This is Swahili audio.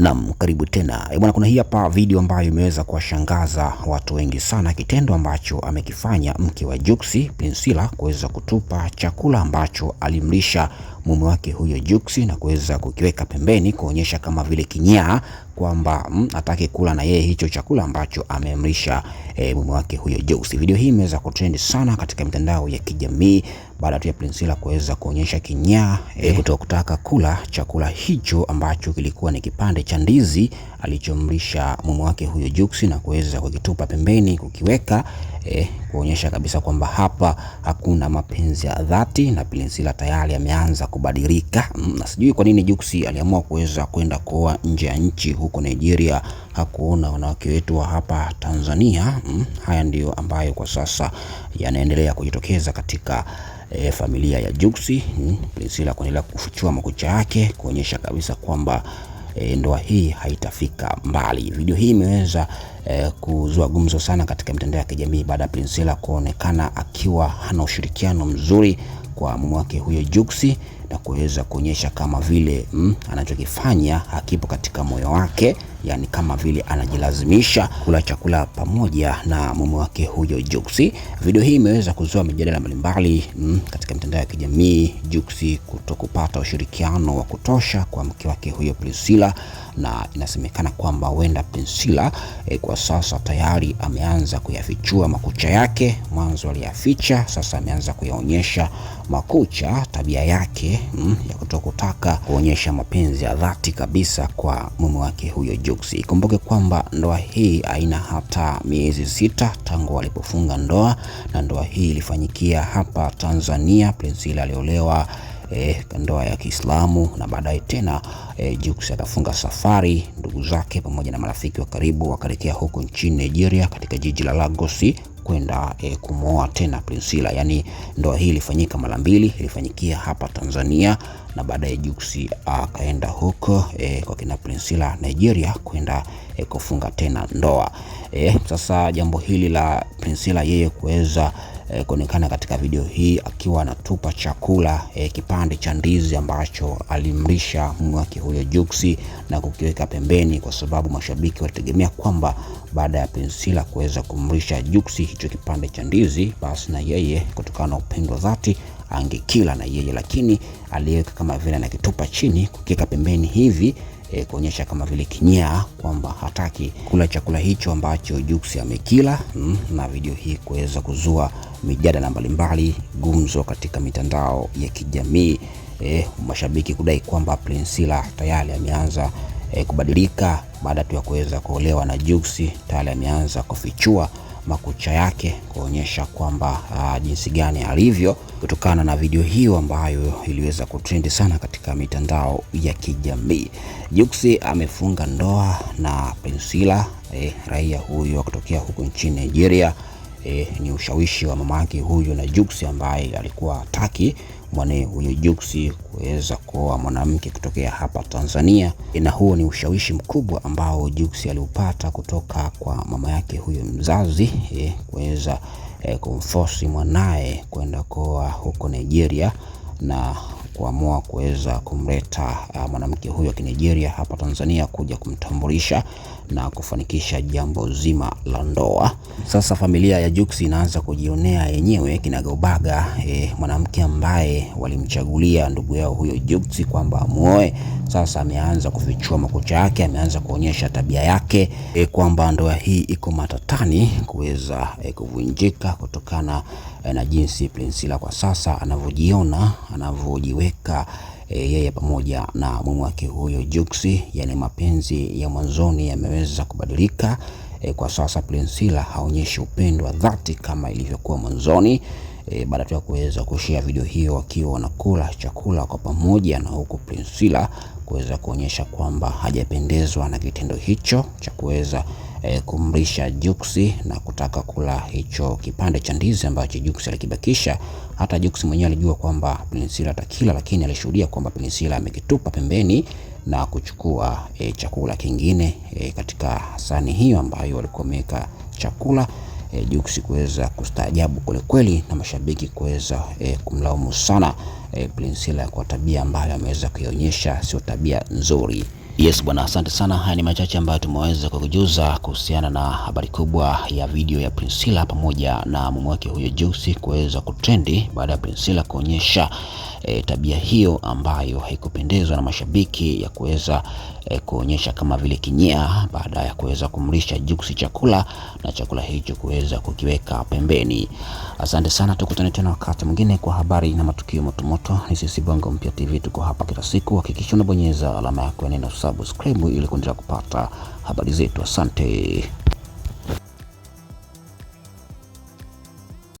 Naam, karibu tena. E bwana, kuna hii hapa video ambayo imeweza kuwashangaza watu wengi sana, kitendo ambacho amekifanya mke wa Jux Pinsila kuweza kutupa chakula ambacho alimlisha mume wake huyo Jux na kuweza kukiweka pembeni kuonyesha kama vile kinyaa kwamba mm, atake kula na yeye hicho chakula ambacho amemlisha e, mume wake huyo Jux. Video hii imeweza kutrend sana katika mitandao ya kijamii baada tu ya Priscilla kuweza kuonyesha kinyaa eh, eh. kutokutaka kula chakula hicho ambacho kilikuwa ni kipande cha ndizi alichomlisha mume wake huyo Jux, na kuweza kukitupa pembeni kukiweka e, kuonyesha kabisa kwamba hapa hakuna mapenzi ya dhati, na Priscilla tayari ameanza kubadilika mm, na sijui kwa nini Jux aliamua kuweza kwenda kuoa nje ya nchi huko Nigeria, hakuona wanawake wetu wa hapa Tanzania mm. Haya ndiyo ambayo kwa sasa yanaendelea kujitokeza katika e, familia ya juksi hmm. Priscilla kuendelea kufichua makucha yake kuonyesha kabisa kwamba e, ndoa hii haitafika mbali. Video hii imeweza e, kuzua gumzo sana katika mitandao ya kijamii baada ya Priscilla kuonekana akiwa hana ushirikiano mzuri kwa mume wake huyo juksi na kuweza kuonyesha kama vile mm, anachokifanya hakipo katika moyo wake, yani kama vile anajilazimisha kula chakula pamoja na mume wake huyo Jux. Video hii imeweza kuzua mijadala mbalimbali mm, katika mitandao ya kijamii, Jux kutokupata ushirikiano wa kutosha kwa mke wake huyo Priscilla, na inasemekana kwamba huenda Priscilla eh, kwa sasa tayari ameanza kuyafichua makucha yake mwanzo aliyaficha, sasa ameanza kuyaonyesha makucha, tabia yake mm, ya kutokutaka kuonyesha mapenzi ya dhati kabisa kwa mume wake huyo Jux. Ikumbuke kwamba ndoa hii haina hata miezi sita tangu walipofunga ndoa, na ndoa hii ilifanyikia hapa Tanzania. Priscilla aliolewa E, ndoa ya Kiislamu na baadaye tena e, Jux akafunga safari. Ndugu zake pamoja na marafiki wa karibu wakaelekea huko nchini Nigeria katika jiji la Lagos kwenda e, kumwoa tena Priscilla. Yani ndoa hii ilifanyika mara mbili, ilifanyikia hapa Tanzania na baadaye Jux akaenda huko e, kwa kina Priscilla Nigeria kwenda e, kufunga tena ndoa e. Sasa jambo hili la Priscilla yeye kuweza e, kuonekana katika video hii akiwa anatupa chakula e, kipande cha ndizi ambacho alimlisha wake huyo Juksi na kukiweka pembeni, kwa sababu mashabiki walitegemea kwamba baada ya Pensila kuweza kumlisha Juksi hicho kipande cha ndizi, basi na yeye kutokana na upendo dhati angekila na yeye, lakini aliweka kama vile anakitupa chini, kukiweka pembeni hivi e, kuonyesha kama vile kinyaa kwamba hataki kula chakula hicho ambacho Jux amekila mm, na video hii kuweza kuzua mijadala mbalimbali, gumzo katika mitandao ya kijamii e, mashabiki kudai kwamba Priscilla tayari ameanza e, kubadilika baada tu ya kuweza kuolewa na Jux, tayari ameanza kufichua makucha yake kuonyesha kwamba uh, jinsi gani alivyo, kutokana na video hiyo ambayo iliweza kutrendi sana katika mitandao ya kijamii. Juksi amefunga ndoa na Priscilla eh, raia huyo akutokea huko nchini Nigeria e, ni ushawishi wa mama yake huyu na Jux ambaye alikuwa hataki mwane huyu Jux kuweza kuoa mwanamke kutokea hapa Tanzania, na huo ni ushawishi mkubwa ambao Jux aliupata kutoka kwa mama yake huyu mzazi e, kuweza e, kumforce mwanae kwenda kuoa huko Nigeria na kuamua kuweza kumleta ah, mwanamke huyo wa Kinigeria hapa Tanzania kuja kumtambulisha na kufanikisha jambo zima la ndoa. Sasa familia ya Jux inaanza kujionea yenyewe kinagaubaga e, mwanamke ambaye walimchagulia ndugu yao huyo Jux kwamba amuoe. Sasa ameanza kufichua makucha yake, ameanza kuonyesha tabia yake e, kwamba ndoa hii iko matatani kuweza e, kuvunjika kutokana e, na jinsi Priscilla kwa sasa anavyojiona, anavyojiweka Eh, yeye pamoja na mume wake huyo Juksi, yani mapenzi ya mwanzoni yameweza kubadilika. E, kwa sasa Priscilla haonyeshi upendo wa dhati kama ilivyokuwa mwanzoni. E, baada tu ya kuweza kushea video hiyo wakiwa wanakula chakula kwa pamoja, na huku Priscilla kuweza kuonyesha kwamba hajapendezwa na kitendo hicho cha kuweza Eh, kumlisha Juksi na kutaka kula hicho kipande cha ndizi ambacho Juksi alikibakisha. Hata Juksi mwenyewe alijua kwamba Prinsila atakila, lakini alishuhudia kwamba Prinsila amekitupa pembeni na kuchukua e, chakula kingine e, katika sahani hiyo ambayo walikuwa wameweka chakula e, Juksi kuweza kustaajabu kwelikweli na mashabiki kuweza e, kumlaumu sana e, Prinsila kwa tabia ambayo ameweza kuionyesha, sio tabia nzuri. Yes bwana, asante sana. Haya ni machache ambayo tumeweza kukujuza kuhusiana na habari kubwa ya video ya Priscilla pamoja na mume wake huyo Juksi kuweza kutrendi baada ya Priscilla kuonyesha e, tabia hiyo ambayo haikupendezwa na mashabiki ya kuweza e, kuonyesha kama vile kinyia baada ya kuweza kumlisha Jux chakula na chakula hicho kuweza kukiweka pembeni. Asante sana, tukutane tena wakati mwingine kwa habari na matukio motomoto. Ni sisi Bongo Mpya TV, tuko hapa kila siku. Hakikisha unabonyeza alama yako ya neno subscribe ili kuendelea kupata habari zetu. Asante.